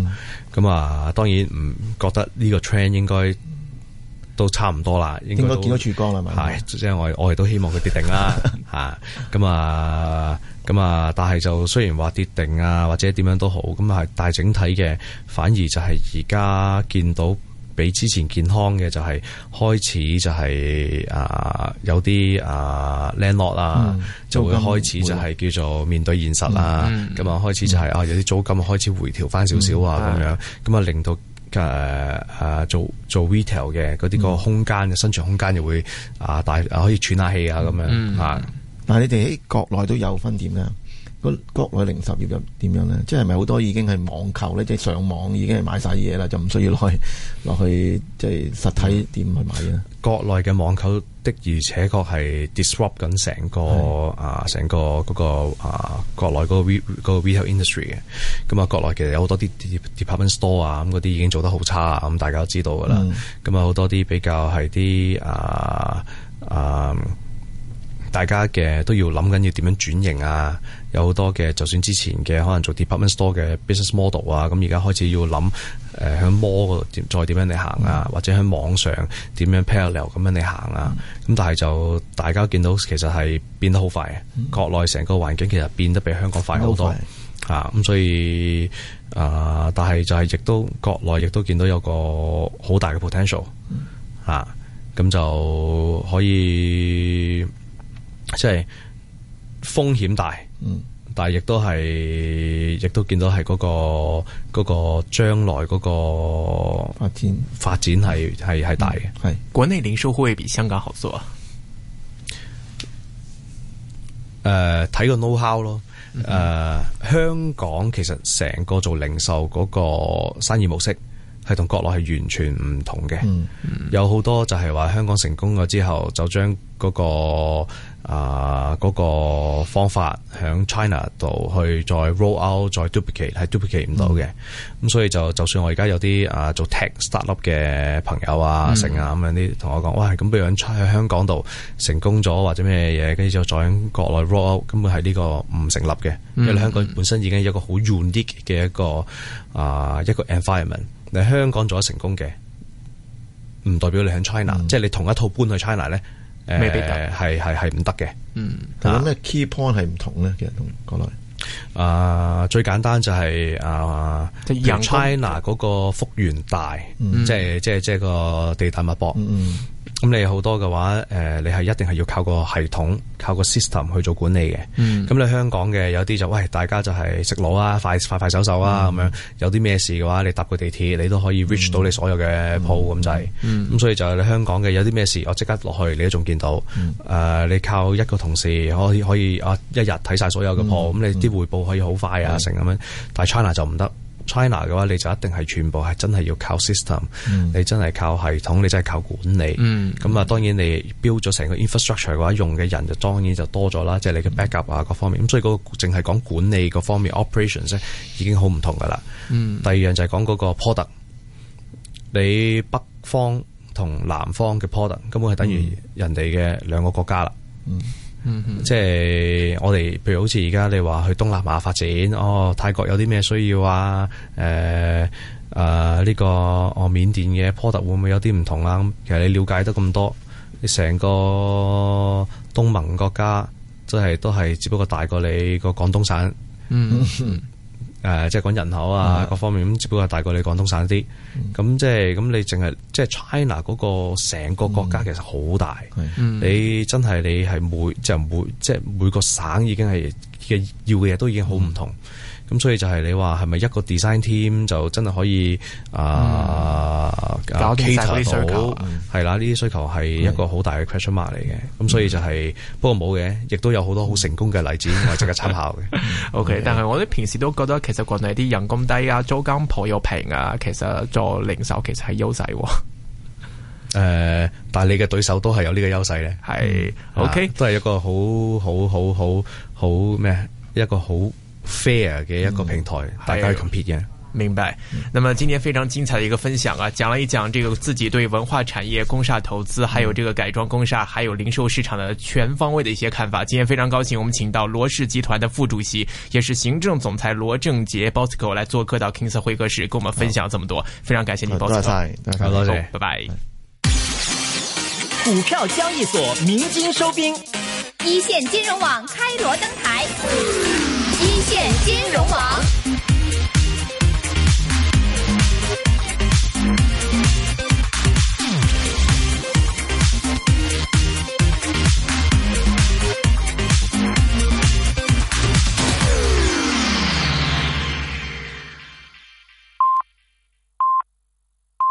咁啊、嗯嗯，當然唔覺得呢個 trend 應該都差唔多啦。應該見到曙光啦，係即係我我哋都希望佢跌定啦吓。咁 *laughs* 啊。咁啊！但係就雖然話跌定啊，或者點樣都好，咁啊，但係整體嘅反而就係而家見到比之前健康嘅，就係開始就係啊，有啲啊 landlord 啦，就會開始就係叫做面對現實啦。咁啊，開始就係啊，有啲租金開始回調翻少少啊，咁樣咁啊，令到誒啊做做 retail 嘅嗰啲個空間個生存空間又會啊大可以喘下氣啊，咁樣啊。但係你哋喺國內都有分店㗎，個國內零售業又點樣咧？即係咪好多已經係網購咧？即係上網已經係買晒嘢啦，就唔需要落去落去即係實體店去買啦。國內嘅網購的而且確係 disrupt 緊成個是啊，成個嗰、嗰個啊，國內嗰個 ret 嗰個 retail industry 嘅。咁啊，國內其實有好多啲 department store 啊，咁嗰啲已經做得好差啊，咁大家都知道㗎啦。咁、嗯、啊，好多啲比較係啲啊啊。大家嘅都要諗緊要點樣轉型啊！有好多嘅，就算之前嘅可能做 department store 嘅 business model 啊，咁而家開始要諗，誒、呃、喺 mall 度再點樣嚟行啊，嗯、或者喺網上點樣 parallel 咁樣嚟行啊。咁、嗯、但係就大家見到其實係變得好快嘅，嗯、國內成個環境其實變得比香港快好多嚇。咁、啊、所以、呃是是嗯、啊，但係就係亦都國內亦都見到有個好大嘅 potential 嚇，咁就可以。即係風險大，嗯，但係亦都係，亦都見到係嗰、那個嗰、那個將來嗰個發展發展係係係大嘅。係是國內零售會唔會比香港好做、啊？誒、呃，睇個 know how 咯。誒、嗯哼呃，香港其實成個做零售嗰個生意模式係同國內係完全唔同嘅。嗯嗯、有好多就係話香港成功咗之後，就將嗰、那個。啊，嗰、那個方法喺 China 度去再 roll out 再 duplicate 係 duplicate 唔到嘅。咁、嗯、所以就就算我而家有啲啊做 tech startup 嘅朋友啊成啊咁樣啲同我講，喂，咁不如喺喺香港度成功咗或者咩嘢，跟住就再喺國內 roll out 根本係呢個唔成立嘅。嗯、因為你香港本身已經有個好 unique 嘅一個啊一個、啊、個 environment，你香港做得成功嘅，唔代表你喺 China、嗯、即係你同一套搬去 China 咧。咩、呃、比較係係係唔得嘅？嗯，係咯咩 key point 係唔同咧？其實同國內啊，最簡單就係、是、啊，即啊，China 嗰個幅員大，嗯、即係即係即係個地大物博。嗯咁你好多嘅話，誒、呃，你係一定係要靠個系統，靠個 system 去做管理嘅。咁、嗯、你香港嘅有啲就喂，大家就係食攞啊，快快快手手啊，咁、嗯、樣有啲咩事嘅話，你搭個地鐵你都可以 reach 到你所有嘅鋪咁就滯。咁、嗯嗯、所以就你香港嘅有啲咩事，我即刻落去你都仲見到。誒、嗯呃，你靠一個同事可以可以啊，一日睇晒所有嘅鋪，咁、嗯、你啲回報可以好快啊成咁樣。但係 China 就唔得。China 嘅話，你就一定係全部係真係要靠 system，嗯、你真係靠系統，你真係靠管理。咁啊、嗯，當然你 build 咗成個 infrastructure 嘅話，用嘅人就當然就多咗啦，即、就、係、是、你嘅 back up 啊各方面。咁、嗯、所以嗰個淨係講管理嗰方面 operations 已經好唔同噶啦。嗯、第二樣就係講嗰個 product 你北方同南方嘅 product 根本係等於人哋嘅兩個國家啦。嗯嗯嗯，即係我哋，譬如好似而家你話去東南亞發展，哦，泰國有啲咩需要啊？誒、呃，誒、呃，呢、這個哦緬甸嘅 product 會唔會有啲唔同啦、啊？咁其實你了解得咁多，你成個東盟國家即係都係只不過大過你個廣東省。嗯。 *noise* *noise* 誒、呃，即係講人口啊，的各方面咁，只不過大過你廣東省啲。咁、嗯、即係咁，你淨係即係 China 嗰個成個國家其實好大。嗯、你真係你係每就係每即係每個省已經係嘅要嘅嘢都已經好唔同。嗯咁所以就係你話係咪一個 design team 就真係可以啊搞掂晒呢啲需求係啦，呢啲需求係一個好大嘅 question mark 嚟嘅，咁所以就係、是、不過冇嘅，亦都有好多好成功嘅例子同埋值得參考嘅。 *laughs* o Okay, K，okay. 但係我哋平時都覺得其實國內啲人工低啊，租金頗有平啊，其實做零售其實係優勢。誒 *laughs* 、呃，但係你嘅對手都係有個優勢，呢個優勢咧，係 O K，都係一個好好好好好咩一個好。Fair 的一個平台，嗯、大家 compete 嘅。明白。那麼今天非常精彩的一個分享啊，講了一講這個自己對文化產業、工廈投資，還有這個改裝工廈，還有零售市場的全方位的一些看法。今天非常高興，我們請到羅氏集團的副主席，也是行政總裁羅正傑 Bosco 來做客到 King Sir 會客室，跟我們分享這麼多。嗯、非常感謝你，Bosco，多謝、多謝、拜拜。股票交易所明金收兵，一線金融網開羅登台。金融王。